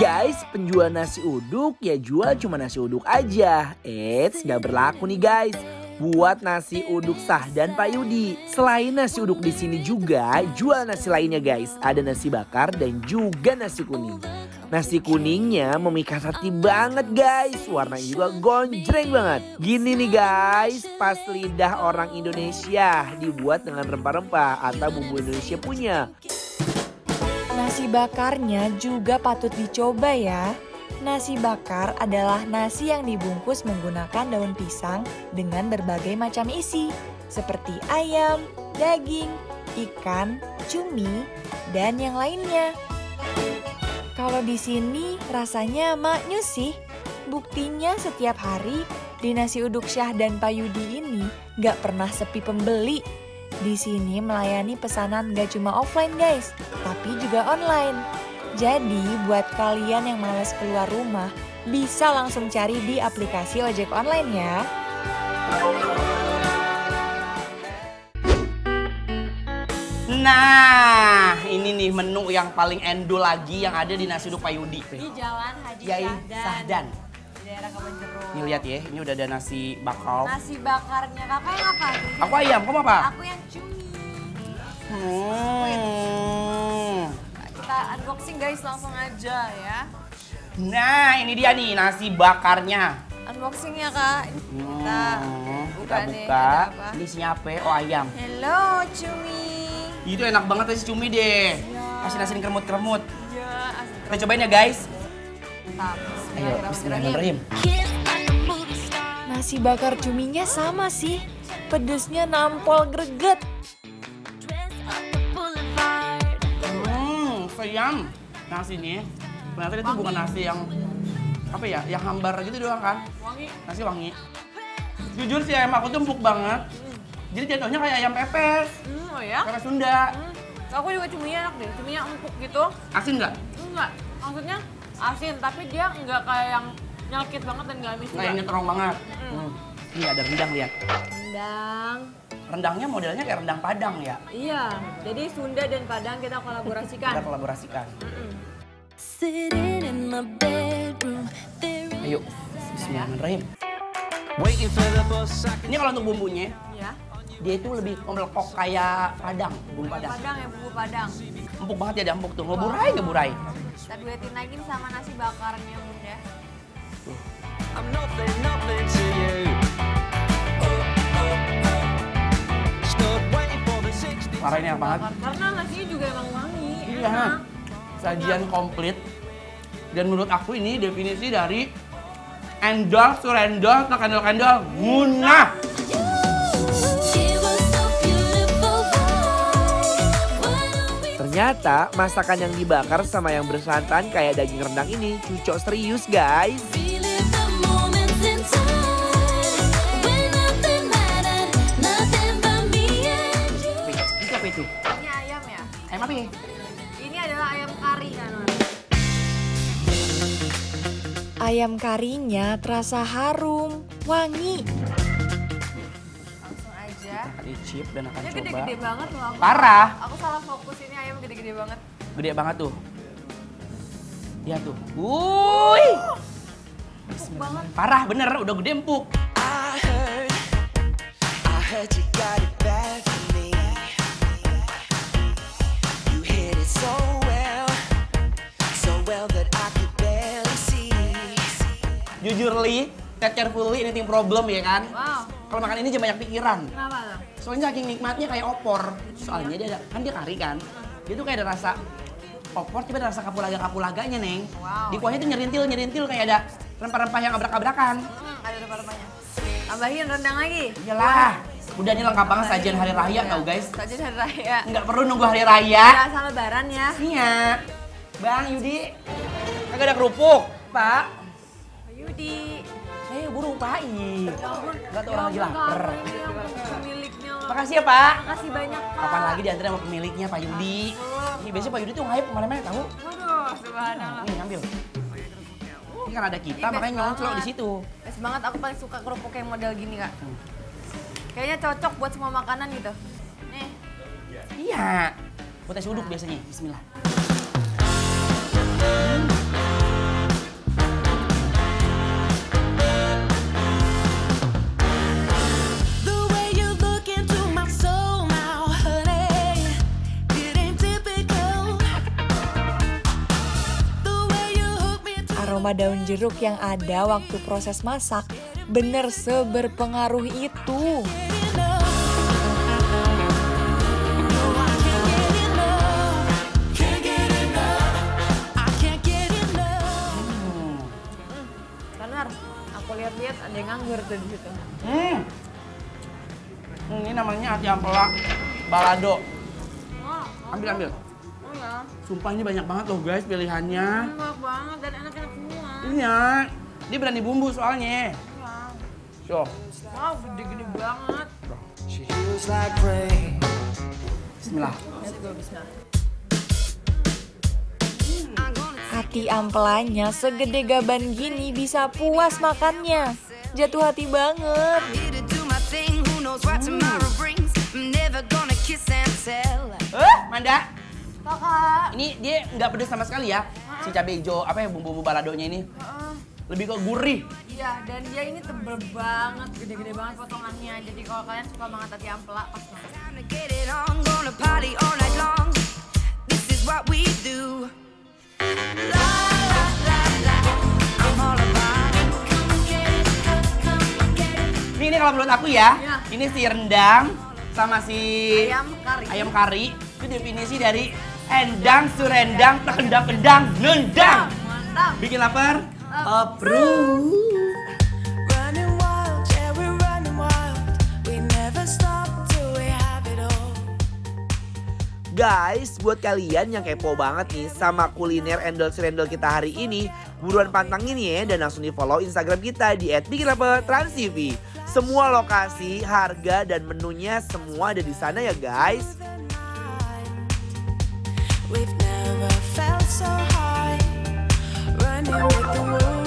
Guys, penjual nasi uduk ya jual cuma nasi uduk aja. Eits, nggak berlaku nih guys. Buat nasi uduk sah dan Pak Yudi. Selain nasi uduk di sini juga jual nasi lainnya guys. Ada nasi bakar dan juga nasi kuning. Nasi kuningnya memikat hati banget guys. Warnanya juga gonjreng banget. Gini nih guys, pas lidah orang Indonesia dibuat dengan rempah-rempah atau bumbu Indonesia punya. Nasi bakarnya juga patut dicoba ya. Nasi bakar adalah nasi yang dibungkus menggunakan daun pisang dengan berbagai macam isi, seperti ayam, daging, ikan, cumi, dan yang lainnya. Kalau di sini rasanya maknyus sih. Buktinya setiap hari di nasi uduk Syah dan Payudi ini gak pernah sepi pembeli. Di sini melayani pesanan gak cuma offline guys, tapi juga online. Jadi buat kalian yang males keluar rumah, bisa langsung cari di aplikasi ojek online ya. Nah, ini nih menu yang paling endul lagi yang ada di nasi uduk Pak Yudi. Di Jalan Haji Sahdan. Sahdan daerah Kebonjeruk. Ini lihat ya, ini udah ada nasi bakar. Nasi bakarnya kakak yang apa? Aku ayam, kamu apa? Aku yang cumi. Hmm. Kita unboxing guys langsung aja ya. Nah, ini dia nih nasi bakarnya. Unboxing ya kak. Hmm. Kita buka, kita buka. nih. apa? Ini isinya apa? Oh ayam. Hello cumi. Itu enak banget nasi cumi deh. Ya. Asin-asin kremut-kremut. Iya, asin. Kremut. Iya, kita cobain ya guys. Mantap. Ayo, bismillahirrahmanirrahim. Nasi bakar cuminya sama sih. Pedesnya nampol greget. Hmm, sayang. Nasi ini, ternyata itu bukan nasi yang apa ya, yang hambar gitu doang kan? Nasi wangi. Jujur sih ayam aku tuh empuk banget. Jadi jatuhnya kayak ayam pepes. Hmm, oh ya? Sunda. Hmm. Aku juga cuminya enak deh, cuminya empuk gitu. Asin nggak? Enggak. Maksudnya asin tapi dia nggak kayak yang nyelkit banget dan nggak amis Kayaknya nah, terong banget. Hmm. Ini ada rendang lihat. Rendang. Rendangnya modelnya kayak rendang Padang ya. Iya. Jadi Sunda dan Padang kita kolaborasikan. kita kolaborasikan. Mm hmm Ayo, Bismillahirrahmanirrahim. Ini kalau untuk bumbunya, ya. dia itu lebih melekok kayak padang, bumbu padang. Padang ya, bumbu padang. Empuk banget ya, ada empuk tuh. Ngeburai, ngeburai. Kita duetin lagi sama nasi bakarnya bunda. I'm nothing, nothing to you. Parah ini apa? Karena nasinya juga emang wangi. Iya. Enak. Sajian komplit. Dan menurut aku ini definisi dari endol surendol tak kandel-kandel, munah. Ternyata masakan yang dibakar sama yang bersantan kayak daging rendang ini cucok serius guys. Ini apa itu? Ini ayam ya? Ini ayam Ayam karinya terasa harum, wangi. Langsung aja. icip dan akan ini coba. Ini gede-gede banget loh. Aku, Parah. Aku salah fokus ini ayam Gede banget. Gede banget tuh. Iya tuh. Wuih. Banget. Parah bener, udah gede empuk. Jujur Li, take carefully tim problem ya kan? Wow. Kalau makan ini jangan banyak pikiran. Kenapa? Soalnya saking nikmatnya kayak opor. Iya. Soalnya dia ada, kan dia kari kan? Dia tuh kayak ada rasa popcorn, tapi ada rasa kapulaga-kapulaganya, Neng. Wow. Di kuahnya tuh iya. nyerintil-nyerintil kayak ada rempah-rempah yang abrak-abrakan. Hmm, ada rempah-rempahnya. Tambahin rendang lagi. Iyalah. Udah ini lengkap banget sajian hari raya iya. tau guys. Sajian hari raya. Nggak perlu nunggu hari raya. Iya, sama lebaran ya. Iya. Bang Yudi, kagak ada kerupuk, Pak. Yudi. Eh, burung tai. Enggak tahu ya orang lagi lapar. Makasih ya Pak. Makasih banyak Pak. Kapan lagi diantar sama pemiliknya Pak Yudi. Ini biasanya Pak Yudi tuh ngayap kemana-mana tahu. Waduh, subhanallah. Nih ambil. Ini kan ada kita, Ini makanya nyolong di situ. Best banget, aku paling suka kerupuk yang model gini kak. Hmm. Kayaknya cocok buat semua makanan gitu. Nih. Iya. Buat es uduk nah. biasanya, bismillah. Hmm. beberapa daun jeruk yang ada waktu proses masak benar seberpengaruh itu. aku lihat-lihat ada yang nganggur tuh di situ. Hmm. hmm. Ini namanya hati ampela balado. Oh, oh. Ambil ambil. Sumpah ini banyak banget loh guys pilihannya. Banyak banget Iya, dia berani bumbu soalnya. So. Wow, gede-gede banget. Bismillah. Hati ampelannya segede gaban gini bisa puas makannya. Jatuh hati banget. Hmm. Eh, Manda. Kakak. Ini dia nggak pedes sama sekali ya si cabai hijau apa ya bumbu-bumbu baladonya ini lebih ke gurih. Iya, dan dia ini tebel banget, gede-gede banget potongannya. Jadi kalau kalian suka banget hati ampela, pas banget. Ini, ini kalau menurut aku ya, ya, ini si rendang sama si ayam kari. Ayam kari itu definisi dari endang surendang terendang kendang nendang mantap bikin lapar approve Guys, buat kalian yang kepo banget nih sama kuliner endol-serendol kita hari ini, buruan pantangin ya dan langsung di follow Instagram kita di @bikinapa_transtv. Semua lokasi, harga, dan menunya semua ada di sana ya guys. We've never felt so high, running with the moon.